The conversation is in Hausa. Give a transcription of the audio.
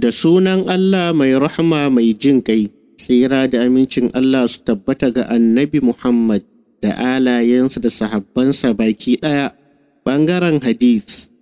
da sunan Allah mai rahama mai jin kai, tsira da amincin Allah su tabbata ga annabi Muhammad da alayensa da sahabbansa baki ɗaya, ɓangaren hadith.